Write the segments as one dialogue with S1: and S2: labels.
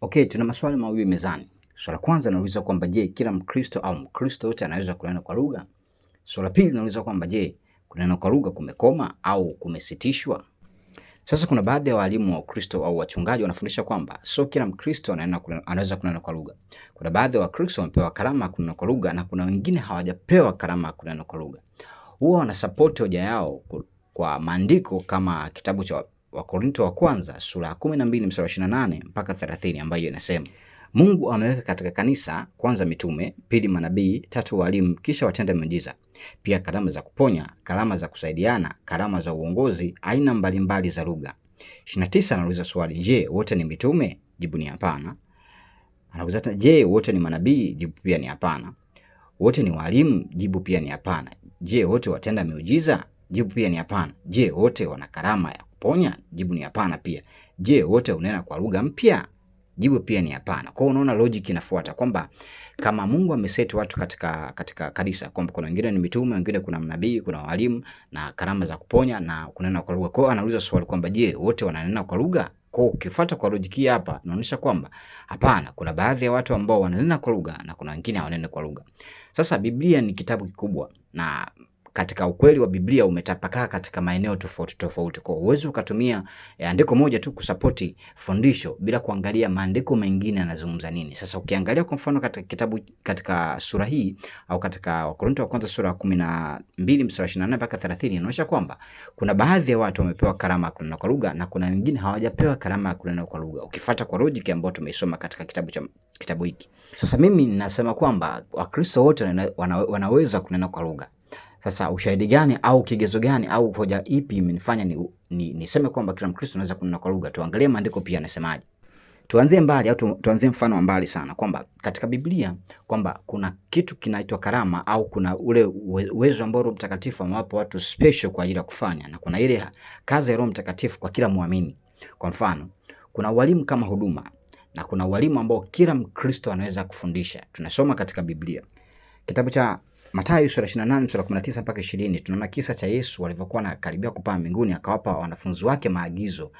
S1: Okay, tuna maswali mawili mezani. Swala kwanza nauliza kwamba je, kila Mkristo au Mkristo yote anaweza kunena kwa lugha? Swala pili nauliza kwamba je, kunena kwa lugha kumekoma au kumesitishwa? Sasa kuna baadhi ya walimu wa Ukristo au wachungaji wanafundisha kwamba sio kila Mkristo anaenda anaweza kunena kwa lugha. Kuna baadhi ya Wakristo wamepewa karama ya kunena kwa lugha na kuna wengine hawajapewa karama ya kunena kwa lugha. Huwa wanasapoti hoja yao kwa maandiko kama kitabu cha Wakorinto wa kwanza sura ya 12 mstari wa 28 mpaka 30, ambayo inasema Mungu ameweka katika kanisa kwanza mitume, pili manabii, tatu walimu, kisha watenda miujiza, pia karama za kuponya, karama za kusaidiana, karama za uongozi, aina mbalimbali za lugha. 29 anauliza swali, je, wote ni mitume? Jibu ni hapana. Anauliza tena, je, wote ni manabii? Jibu pia ni hapana. Wote ni walimu? Jibu pia ni hapana. Je, wote watenda miujiza? Jibu pia ni hapana. Je, wote wana karama ya kuponya? Jibu ni hapana pia. Je, wote unena kwa lugha mpya? Jibu pia ni hapana. Kwa hiyo unaona logic inafuata kwamba kama Mungu ameseti watu katika katika kanisa kwamba kuna wengine ni mitume, wengine kuna mnabii, kuna walimu na karama za kuponya na kunena kwa lugha. Kwa hiyo anauliza swali kwamba je, wote wananena kwa lugha? Kwa hiyo ukifuata kwa logic hii hapa inaonyesha kwamba hapana, kuna baadhi ya watu ambao wananena kwa lugha na kuna wengine hawanene kwa lugha. Sasa Biblia ni kitabu kikubwa na katika ukweli wa Biblia umetapakaa katika maeneo tofauti tofauti. Kwa uwezo ukatumia eh, andiko moja tu kusapoti fundisho bila kuangalia maandiko mengine yanazungumza nini. Sasa ukiangalia kwa mfano katika kitabu katika sura hii au katika Wakorintho wa kwanza sura ya 12 mstari 24 mpaka 30 inaonyesha kwamba kuna baadhi ya watu wamepewa karama ya kunena kwa lugha na kuna wengine hawajapewa karama ya kunena kwa lugha. Ukifuata kwa logic ambayo tumeisoma katika kitabu cha kitabu hiki. Sasa mimi nasema kwamba Wakristo wote wana, wanaweza kunena kwa lugha sasa ushahidi gani au kigezo gani au hoja ipi imenifanya ni, ni, niseme kwamba kila Mkristo anaweza kunena kwa lugha? Tuangalie maandiko pia anasemaje. Tuanzie mbali au tuanzie mfano wa mbali sana kwamba katika Biblia kwamba kuna kitu kinaitwa karama au kuna ule uwezo ambao Roho Mtakatifu amewapa watu special kwa ajili ya kufanya, na kuna ile kazi ya Roho Mtakatifu kwa kila muamini. Kwa mfano, kuna walimu kama huduma na kuna walimu ambao kila Mkristo anaweza kufundisha. Tunasoma katika Biblia kitabu cha Mathayo sura 28 sura 19 mpaka 20 tunaona kisa cha Yesu alivyokuwa anakaribia kupaa mbinguni, akawapa wanafunzi wake maagizo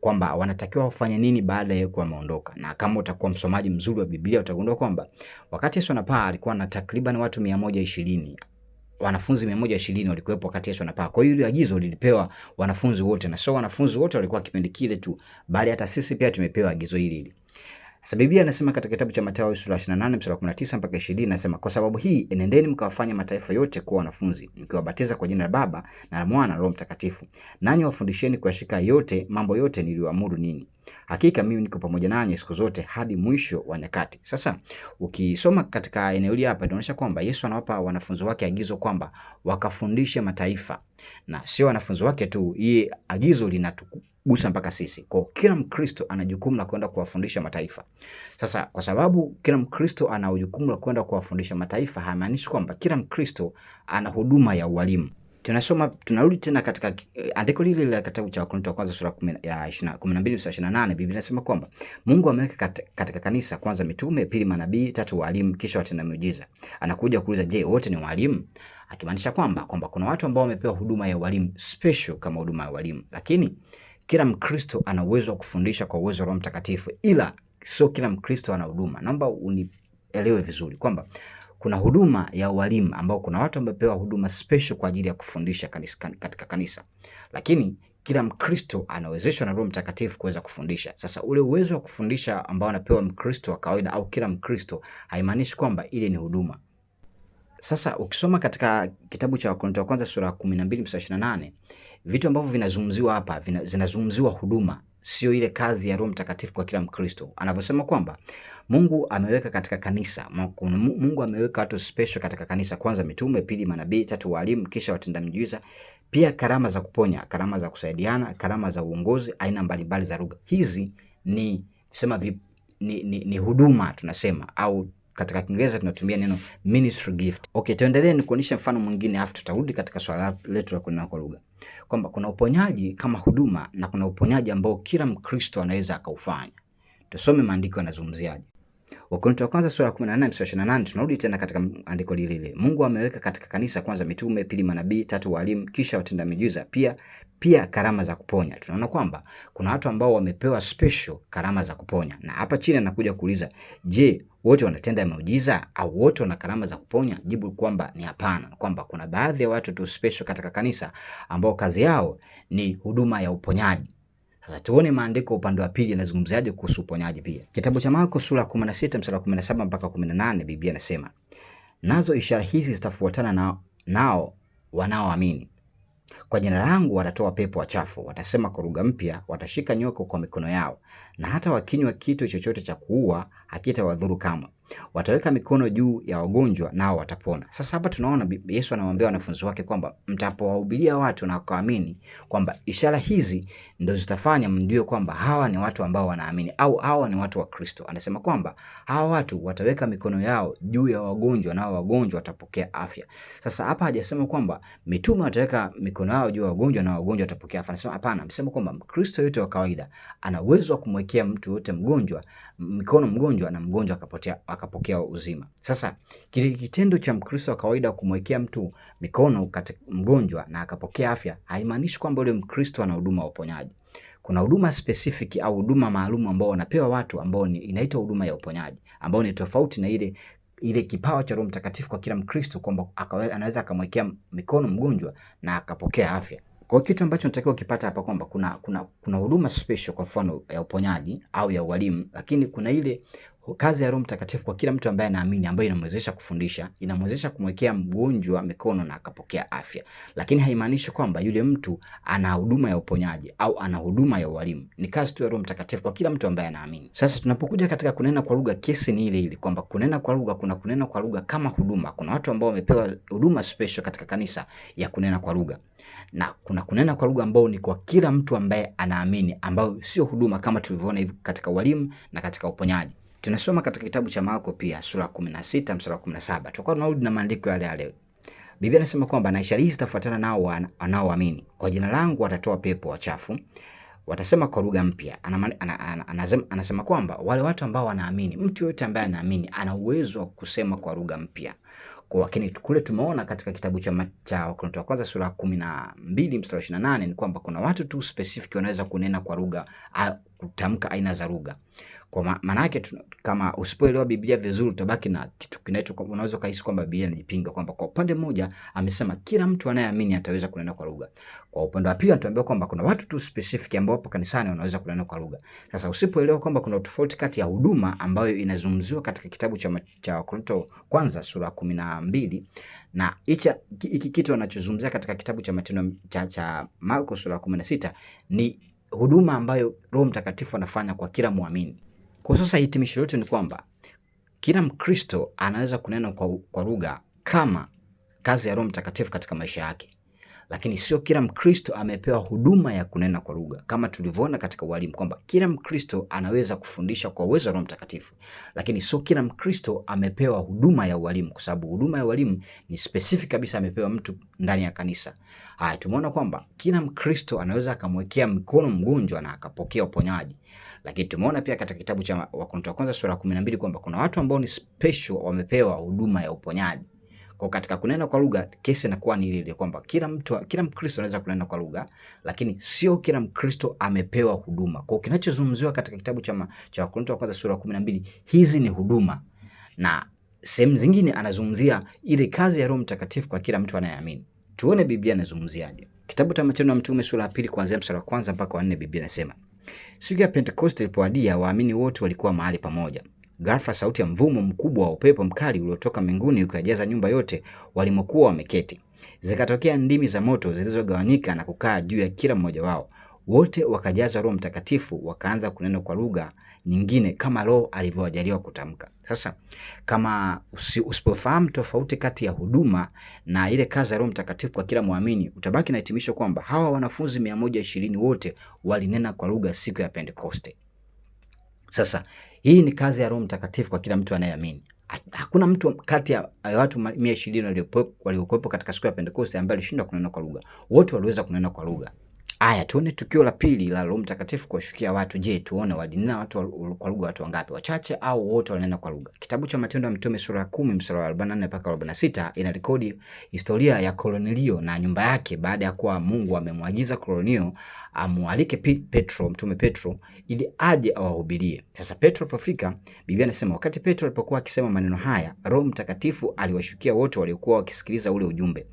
S1: kwamba wanatakiwa wafanye nini baada ya kuwa ameondoka. Na kama utakuwa msomaji mzuri wa Biblia utagundua kwamba wakati Yesu anapaa alikuwa na takriban watu 120 wanafunzi 120 walikuwepo wakati Yesu anapaa. Kwa hiyo agizo lilipewa wanafunzi wote, na sio wanafunzi wote walikuwa kipindi kile tu, bali hata sisi pia tumepewa agizo hili hili. Sasa Biblia anasema katika kitabu cha Mathayo sura 28 mstari 19 mpaka 20 inasema, kwa sababu hii enendeni mkawafanya mataifa yote kuwa wanafunzi, mkiwabatiza kwa jina la Baba na la Mwana na Roho Mtakatifu, nanyi wafundisheni kuyashika yote mambo yote niliyoamuru ninyi. Hakika mimi niko pamoja nanyi siku zote hadi mwisho wa nyakati. Sasa ukisoma katika eneo hili hapa inaonyesha kwamba Yesu anawapa wanafunzi wake agizo kwamba wakafundishe mataifa na sio wanafunzi wake tu. Hii agizo linatugusa mpaka sisi, kwa kila Mkristo ana jukumu la kwenda kuwafundisha mataifa. Sasa kwa sababu kila Mkristo ana jukumu la kwenda kuwafundisha mataifa, haimaanishi kwamba kila Mkristo ana huduma ya ualimu tunasoma tunarudi tena katika eh, andiko lile la kitabu cha Wakorintho wa kwanza sura ya 12:28 Biblia inasema kwamba Mungu ameweka katika kanisa kwanza mitume, pili manabii, tatu walimu, kisha watenda miujiza. Anakuja kuuliza, je, wote ni walimu? Akimaanisha kwamba kwamba kuna watu ambao wamepewa huduma ya walimu special kama huduma ya walimu, lakini kila Mkristo ana uwezo wa kufundisha kwa uwezo wa Roho Mtakatifu, ila sio kila Mkristo ana huduma. Naomba unielewe vizuri kwamba kuna huduma ya walimu ambao kuna watu wamepewa huduma special kwa ajili ya kufundisha kanisa, katika kanisa, lakini kila Mkristo anawezeshwa na Roho Mtakatifu kuweza kufundisha. Sasa ule uwezo wa kufundisha ambao anapewa Mkristo wa kawaida au kila Mkristo haimaanishi kwamba ile ni huduma. Sasa ukisoma katika kitabu cha Wakorintho wa kwanza sura ya 12 mstari 28 vitu ambavyo vinazungumziwa hapa vina, zinazungumziwa huduma sio ile kazi ya Roho Mtakatifu kwa kila Mkristo, anavyosema kwamba Mungu ameweka katika kanisa, Mungu ameweka watu special katika kanisa, kwanza mitume, pili manabii, tatu walimu, kisha watenda miujiza, pia karama za kuponya, karama za kusaidiana, karama za uongozi, aina mbalimbali za lugha. Hizi ni sema vi, ni, ni, ni huduma tunasema au katika Kiingereza tunatumia neno ministry gift. Okay, tuendelee ni kuonyesha mfano mwingine afu tutarudi katika swala letu la kunena kwa lugha kwamba kuna uponyaji kama huduma na kuna uponyaji ambao kila Mkristo anaweza akaufanya. Tusome maandiko yanazungumziaje. Wakorintho wa kwanza sura ya 18 mstari wa 28, tunarudi tena katika andiko lile lile. Mungu ameweka katika kanisa kwanza mitume, pili manabii, tatu walimu, kisha watenda miujiza, pia pia karama za kuponya. Tunaona kwamba kuna watu ambao wamepewa special karama za kuponya, na hapa chini anakuja kuuliza, je, wote wanatenda miujiza au wote wana karama za kuponya? Jibu kwamba ni hapana, kwamba kuna baadhi ya watu tu special katika kanisa ambao kazi yao ni huduma ya uponyaji. Sasa tuone maandiko upande wa pili yanazungumzaje kuhusu uponyaji pia. Kitabu cha Marko sura 16 mstari wa 17 mpaka 18, Biblia inasema, nazo ishara hizi zitafuatana nao, nao wanaoamini. Kwa jina langu watatoa pepo wachafu, watasema kwa lugha mpya, watashika nyoka kwa mikono yao, na hata wakinywa kitu chochote cha kuua hakitawadhuru kamwe wataweka mikono juu ya wagonjwa nao watapona. Sasa hapa tunaona Yesu anawaambia wanafunzi wake kwamba mtapowahubiria watu na wakaamini kwamba ishara hizi ndio zitafanya mjue kwamba hawa ni watu ambao wanaamini au hawa ni watu wa Kristo. Anasema kwamba hawa watu wataweka mikono yao juu ya wagonjwa nao wagonjwa watapokea afya. Sasa hapa hajasema kwamba mitume wataweka mikono yao juu ya wagonjwa na wagonjwa watapokea afya. Anasema hapana, amesema kwamba Mkristo yote wa kawaida ana uwezo wa kumwekea mtu yote mgonjwa mikono mgonjwa na mgonjwa akapotea akapokea uzima. Sasa kile kitendo cha Mkristo wa kawaida kumwekea mtu mikono kati mgonjwa na akapokea afya haimaanishi kwamba yule Mkristo ana huduma ya uponyaji. Kuna huduma specific au huduma maalum ambao wanapewa watu ambao ni inaitwa huduma ya uponyaji ambao ni tofauti na ile ile kipawa cha Roho Mtakatifu kwa kila Mkristo kwamba anaweza akamwekea mikono mgonjwa na akapokea afya. Kwa kitu ambacho natakiwa kipata hapa kwamba kuna kuna kuna huduma special kwa mfano ya uponyaji au ya ualimu, lakini kuna ile kazi ya Roho Mtakatifu kwa kila mtu ambaye anaamini, ambayo inamwezesha kufundisha, inamwezesha kumwekea mgonjwa mikono na akapokea afya, lakini haimaanishi kwamba yule mtu ana huduma ya uponyaji au ana huduma ya ualimu. Ni kazi tu ya Roho Mtakatifu kwa kila mtu ambaye anaamini. Sasa tunapokuja katika kunena kwa lugha, kesi ni ile ile kwamba kunena kwa lugha, kuna kunena kwa lugha kama huduma. Kuna watu ambao wamepewa huduma special katika kanisa ya kunena kwa lugha, na kuna kunena kwa lugha ambao ni kwa kila mtu ambaye anaamini, ambao sio huduma kama tulivyoona hivi katika ualimu na katika uponyaji. Tunasoma katika kitabu cha Marko pia sura 16 mstari wa 17. Tutakuwa tunarudi na maandiko yale yale. Biblia inasema kwamba na ishara hizi zitafuatana nao wanaoamini, kwa jina langu watatoa pepo wachafu, watasema kwa lugha mpya. Anasema kwamba wale watu ambao wanaamini, mtu yoyote ambaye anaamini ana uwezo wa kusema kwa lugha mpya. Lakini kule tumeona katika kitabu cha, cha Wakorintho wa kwanza sura kumi na mbili mstari ishirini na nane ni kwamba kuna watu tu specific wanaweza kunena kwa lugha, kutamka aina za lugha. Kwa maanake kama usipoelewa Biblia vizuri utabaki na kitu kinacho, unaweza kuhisi kwamba Biblia inajipinga kwamba kwa upande mmoja amesema kila mtu anayeamini ataweza kunena kwa lugha. Kwa upande wa pili anatuambia kwamba kuna watu tu specific ambao hapo kanisani wanaweza kunena kwa lugha. Sasa usipoelewa kwamba kuna tofauti kati ya huduma ambayo inazungumziwa katika kitabu cha cha Wakorintho kwanza sura kumi na mbili na hiki kitu anachozungumzia katika kitabu cha Matendo cha, cha Marko sura kumi na sita ni huduma ambayo Roho Mtakatifu anafanya kwa kila muamini. Kwa sasa hitimisho letu ni kwamba kila Mkristo anaweza kunena kwa, kwa lugha kama kazi ya Roho Mtakatifu katika maisha yake lakini sio kila Mkristo amepewa huduma ya kunena kwa lugha, kama tulivyoona katika walimu kwamba kila Mkristo anaweza kufundisha kwa uwezo wa Roho Mtakatifu, lakini sio kila Mkristo amepewa huduma ya ualimu, kwa sababu huduma ya ualimu ni specific kabisa, amepewa mtu ndani ya kanisa. Haya, tumeona kwamba kila Mkristo anaweza akamwekea mkono mgonjwa na akapokea uponyaji, lakini tumeona pia katika kitabu cha Wakorintho wa kwanza sura ya 12 kwamba kuna watu ambao ni special wamepewa huduma ya uponyaji kwa katika kunena kwa lugha kesi inakuwa ni ile kwamba kila mtu, kila Mkristo anaweza kunena kwa lugha, lakini sio kila Mkristo amepewa huduma. Kwa kinachozungumziwa katika kitabu cha cha Wakorintho wa kwanza sura ya 12, hizi ni huduma na sehemu zingine anazungumzia ile kazi ya Roho Mtakatifu kwa kila mtu anayeamini. Tuone Biblia inazungumziaje. Kitabu cha Matendo ya Mtume sura ya pili kuanzia mstari wa kwanza mpaka wa nne, Biblia inasema siku ya Pentekoste ilipoadia, waamini wote walikuwa mahali pamoja Ghafla sauti ya mvumo mkubwa wa upepo mkali uliotoka mbinguni ukajaza nyumba yote walimokuwa wameketi. Zikatokea ndimi za moto zilizogawanyika na kukaa juu ya kila mmoja wao. Wote wakajazwa Roho Mtakatifu, wakaanza kunena kwa lugha nyingine kama Roho alivyowajaliwa kutamka. Sasa kama usipofahamu tofauti kati ya huduma na ile kazi ya Roho Mtakatifu kwa kila mwamini, utabaki na hitimisho kwamba hawa wanafunzi mia moja ishirini wote walinena kwa lugha siku ya Pentekoste. Sasa hii ni kazi ya Roho Mtakatifu kwa kila mtu anayeamini. Hakuna mtu kati ya watu mia ishirini waliokuwepo katika siku ya Pentekoste ambaye alishindwa kunena kwa lugha. Wote waliweza kunena kwa lugha. Aya, tuone tukio la pili la Roho Mtakatifu kuwashukia watu. Je, tuone walinena watu kwa lugha watu wangapi? Wachache au wote walinena kwa lugha? Kitabu cha Matendo ya Mtume sura ya 10 mstari wa 44 mpaka 46 inarekodi historia ya Kornelio na nyumba yake baada ya kuwa Mungu amemwagiza Kornelio amualike Petro, Mtume Petro ili aje awahubirie. Sasa Petro alipofika, Biblia inasema wakati Petro alipokuwa akisema maneno haya, Roho Mtakatifu aliwashukia wote waliokuwa wakisikiliza ule ujumbe.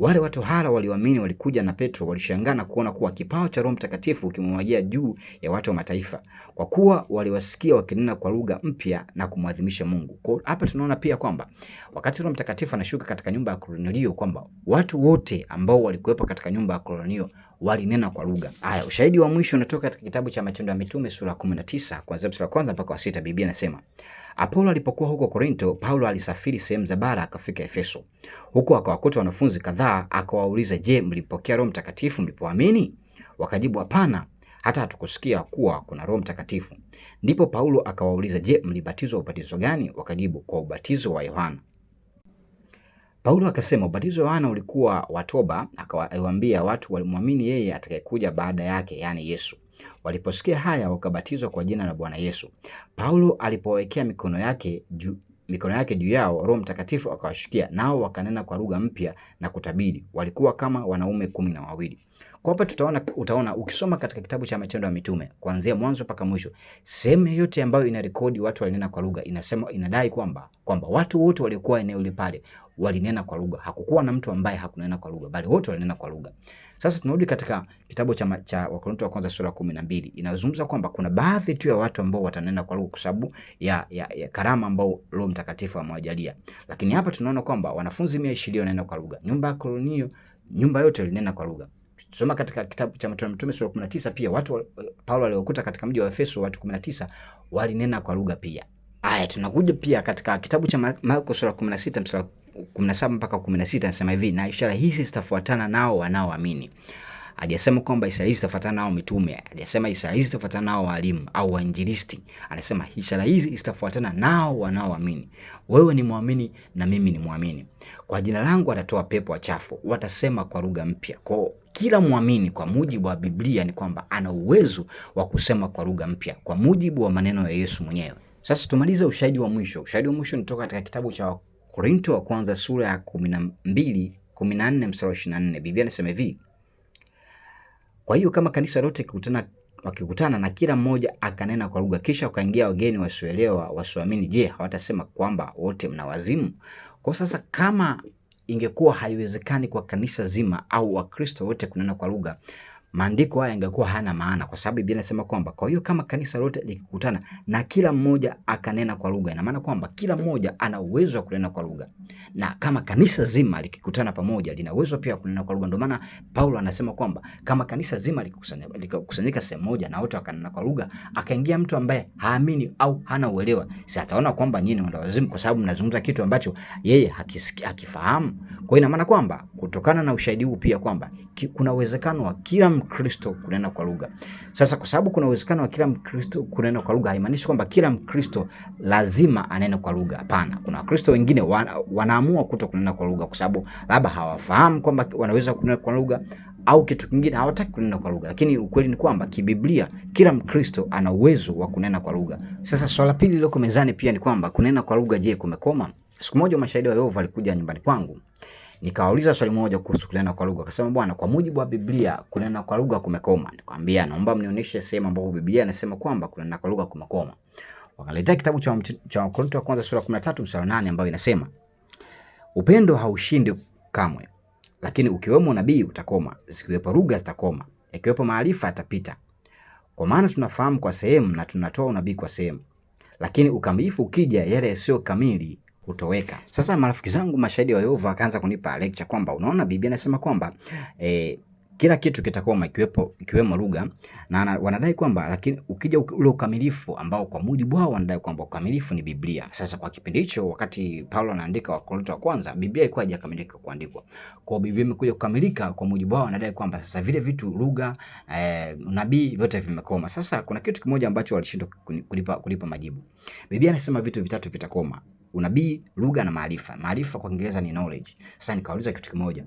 S1: Wale watu hala walioamini walikuja na Petro walishangaa na kuona kuwa kipawa cha Roho Mtakatifu kimemwagia juu ya watu wa mataifa, kwa kuwa waliwasikia wakinena kwa lugha mpya na kumwadhimisha Mungu. Kwa hapa tunaona pia kwamba wakati Roho Mtakatifu anashuka katika nyumba ya Kornelio, kwamba watu wote ambao walikuwepo katika nyumba ya Kornelio walinena kwa lugha. Haya, ushahidi wa mwisho unatoka katika kitabu cha Matendo ya Mitume sura 19 kuanzia mstari wa kwanza mpaka wa sita. Biblia inasema Apolo alipokuwa huko Korinto, Paulo alisafiri sehemu za bara akafika Efeso. Huko akawakuta wanafunzi kadhaa, akawauliza, je, mlipokea Roho Mtakatifu mlipoamini? Wakajibu, hapana, hata hatukusikia kuwa kuna Roho Mtakatifu. Ndipo Paulo akawauliza, je, mlibatizwa ubatizo gani? Wakajibu, kwa ubatizo wa Yohana. Paulo akasema ubatizo wa Yohana ulikuwa watoba akawaambia watu walimwamini yeye atakayekuja baada yake, yaani Yesu. Waliposikia haya wakabatizwa kwa jina la Bwana Yesu. Paulo alipowekea mikono yake juu mikono yake juu yao, Roho Mtakatifu akawashukia, nao wakanena kwa lugha mpya na kutabiri. Walikuwa kama wanaume kumi na wawili. Kwa hapa tutaona, utaona ukisoma katika kitabu cha Matendo ya Mitume kuanzia mwanzo mpaka mwisho, sehemu yote ambayo inarekodi watu walinena kwa lugha inasema, inadai kwamba kwamba watu wote waliokuwa eneo lile pale walinena kwa lugha. Hakukuwa na mtu ambaye hakunena kwa lugha, bali wote walinena kwa lugha. Sasa tunarudi katika kitabu cha, cha Wakorintho wa kwanza sura kumi na mbili inazungumza kwamba kuna baadhi tu ya watu ambao watanena kwa lugha kwa sababu ya, ya, ya karama ambao Roho Mtakatifu amewajalia, lakini hapa tunaona kwamba wanafunzi mia ishirini wanena kwa lugha, nyumba ya Kolonio nyumba yote ilinena kwa lugha. Tusoma katika kitabu cha Matendo ya Mitume sura 19 pia watu Paulo aliokuta katika mji wa Efeso watu 19 walinena kwa lugha pia. Aya, tunakuja pia katika kitabu cha Marko sura 16 mstari 17 mpaka 16 anasema hivi, na ishara hizi zitafuatana nao wanaoamini Hajasema kwamba ishara hizi zitafuatana nao mitume, hajasema ishara hizi zitafuatana nao walimu au wainjilisti. Anasema ishara hizi zitafuatana nao wanaoamini. Wewe ni mwamini na mimi ni mwamini. Kwa jina langu atatoa pepo wachafu, watasema kwa lugha mpya. Kwa kila mwamini kwa mujibu wa Biblia ni kwamba ana uwezo wa kusema kwa lugha mpya kwa mujibu wa maneno ya Yesu mwenyewe. Sasa tumalize ushahidi wa mwisho. Ushahidi wa mwisho nitoka katika kitabu cha Korinto wa kwanza sura ya 12 14 mstari wa 24. Biblia inasema hivi: kwa hiyo kama kanisa lote kikutana wakikutana na kila mmoja akanena kwa lugha, kisha wakaingia wageni wasioelewa wasioamini, je, hawatasema kwamba wote mna wazimu? Kwa sasa kama ingekuwa haiwezekani kwa kanisa zima au Wakristo wote kunena kwa lugha, maandiko haya yangekuwa hayana maana, kwa sababu Biblia inasema kwamba kwa hiyo kama kanisa lote likikutana na kila mmoja akanena kwa lugha, ina maana kwamba kila mmoja ana uwezo wa kunena kwa lugha, na kama kanisa zima likikutana pamoja lina uwezo pia kunena kwa lugha. Ndio maana Paulo anasema kwamba kama kanisa zima likikusanyika sehemu moja na wote wakanena kwa lugha, akaingia mtu ambaye haamini au hana uelewa, si ataona kwamba nyinyi ndio wazimu, kwa sababu mnazungumza kitu ambacho yeye hakisiki, hakifahamu. Kwa hiyo ina maana kwamba kutokana na ushahidi huu pia kwamba kuna uwezekano wa kila Mkristo kunena kwa lugha. Sasa kwa sababu kuna uwezekano wa kila Mkristo kunena kwa lugha, haimaanishi kwamba kila Mkristo lazima anene kwa lugha. Hapana, kuna Wakristo wengine wana, wanaamua kuto kunena kwa lugha kwa sababu labda hawafahamu kwamba wanaweza kunena kwa lugha au kitu kingine hawataki kunena kwa lugha, lakini ukweli ni kwamba kibiblia kila Mkristo ana uwezo wa kunena kwa lugha. Sasa swala pili lililoko mezani pia ni kwamba kunena kwa lugha, je, kumekoma? Siku moja mashahidi wa Yehova walikuja nyumbani kwangu Nikawauliza swali moja kuhusu kunena kwa lugha. Akasema bwana, kwa mujibu wa Biblia kunena kwa lugha kumekoma. Nikamwambia naomba mnionyeshe sehemu ambapo Biblia inasema kwamba kunena kwa lugha kumekoma. Wakaletea kitabu cha cha Wakorintho wa kwanza sura 13 mstari wa 8 ambayo inasema upendo haushindi kamwe, lakini ukiwemo nabii utakoma, zikiwepo lugha zitakoma, yakiwepo maarifa yatapita. Kwa maana tunafahamu kwa sehemu na tunatoa unabii kwa sehemu, lakini ukamilifu ukija, yale yasiyo kamili kutoweka. Sasa marafiki zangu mashahidi wa Yehova akaanza kunipa lecture kwamba unaona, Biblia inasema kwamba eh, kila kitu kitakuwa makiwepo ikiwemo lugha na wanadai kwamba, lakini ukija ule ukamilifu ambao kwa mujibu wao wanadai kwamba ukamilifu ni Biblia. Sasa kwa kipindi hicho, wakati Paulo anaandika Wakorintho wa kwanza, Biblia ilikuwa haijakamilika kuandikwa. Kwa hiyo Biblia imekuja kukamilika, kwa mujibu wao wanadai kwamba sasa vile vitu lugha, eh, nabii vyote vimekoma. Sasa kuna kitu kimoja ambacho walishindwa kulipa, kulipa majibu. Biblia inasema vitu vitatu vitakoma: unabii, lugha na maarifa. Maarifa kwa Kiingereza ni knowledge. Sasa nikauliza kitu kimoja,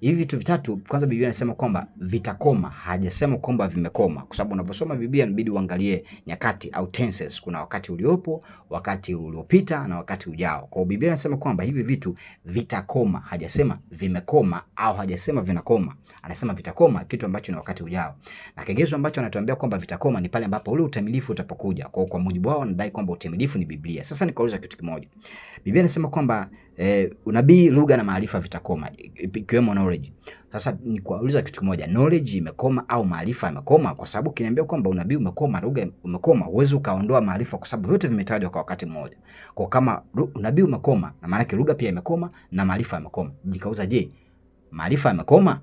S1: hivi vitu vitatu, kwanza Biblia inasema kwamba vitakoma, hajasema kwamba vimekoma, kwa sababu unavyosoma Biblia inabidi uangalie nyakati au tenses. Kuna wakati uliopo, wakati uliopita na wakati ujao. Kwa hiyo Biblia inasema kwamba hivi vitu vitakoma, hajasema vimekoma au hajasema vinakoma, anasema vitakoma, kitu ambacho ni wakati ujao. Na kigezo ambacho anatuambia kwamba vitakoma ni pale ambapo ule utimilifu utapokuja. Kwa hiyo kwa mujibu wao wanadai kwamba utimilifu ni Biblia. Sasa nikauliza kitu kimoja Biblia inasema kwamba eh, unabii, lugha na maarifa vitakoma ikiwemo knowledge. Sasa ni kuuliza kitu kimoja, knowledge imekoma au maarifa yamekoma? Kwa sababu kinaambia kwamba unabii umekoma, lugha umekoma, huwezi ukaondoa maarifa kwa sababu vyote vimetajwa kwa wakati mmoja. Kwa kama unabii umekoma, na maana yake lugha pia imekoma na maarifa yamekoma. Jikauza, je, maarifa yamekoma?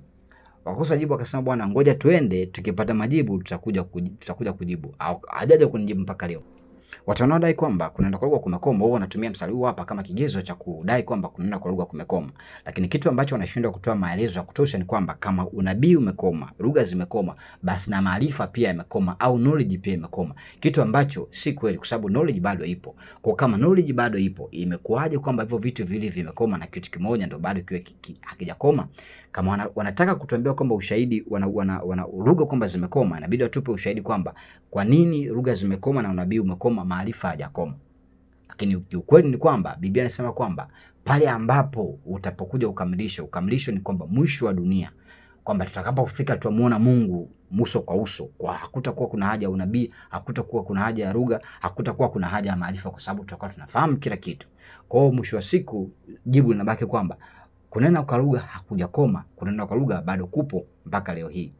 S1: Wakosa jibu akasema, bwana, ngoja tuende, tukipata majibu tutakuja kujibu. Hajaja kunijibu mpaka leo. Watu wanaodai kwamba kunaenda kwa lugha kumekoma huwa wanatumia mstari huu hapa kama kigezo cha kudai kwamba kunaenda kwa lugha kumekoma, lakini kitu ambacho wanashindwa kutoa maelezo ya kutosha ni kwamba kama unabii umekoma, lugha zimekoma, basi na maarifa pia yamekoma au knowledge pia imekoma, kitu ambacho si kweli, kwa sababu knowledge bado ipo. Kwa kama knowledge bado ipo, imekuwaje kwamba hivyo vitu viwili vimekoma na kitu kimoja ndio bado kiwe hakijakoma? Kama wana, wanataka kutuambia kwamba ushahidi wana, wana, wana kwamba zimekoma, inabidi watupe ushahidi kwamba kwa nini lugha zimekoma na unabii umekoma, maarifa hajakoma. Lakini ukweli ni kwamba Biblia inasema kwamba pale ambapo utapokuja ukamilisho, ukamilisho ni kwamba mwisho wa dunia, kwamba tutakapofika tuamuona Mungu uso kwa uso, kwa hakutakuwa kuna haja ya unabii, hakutakuwa kuna haja ya lugha, hakutakuwa kuna haja ya maarifa, kwa sababu tutakuwa tunafahamu kila kitu. Kwa hiyo mwisho wa siku jibu linabaki kwamba Kunena kwa lugha hakujakoma, kunena kwa lugha bado kupo mpaka leo hii.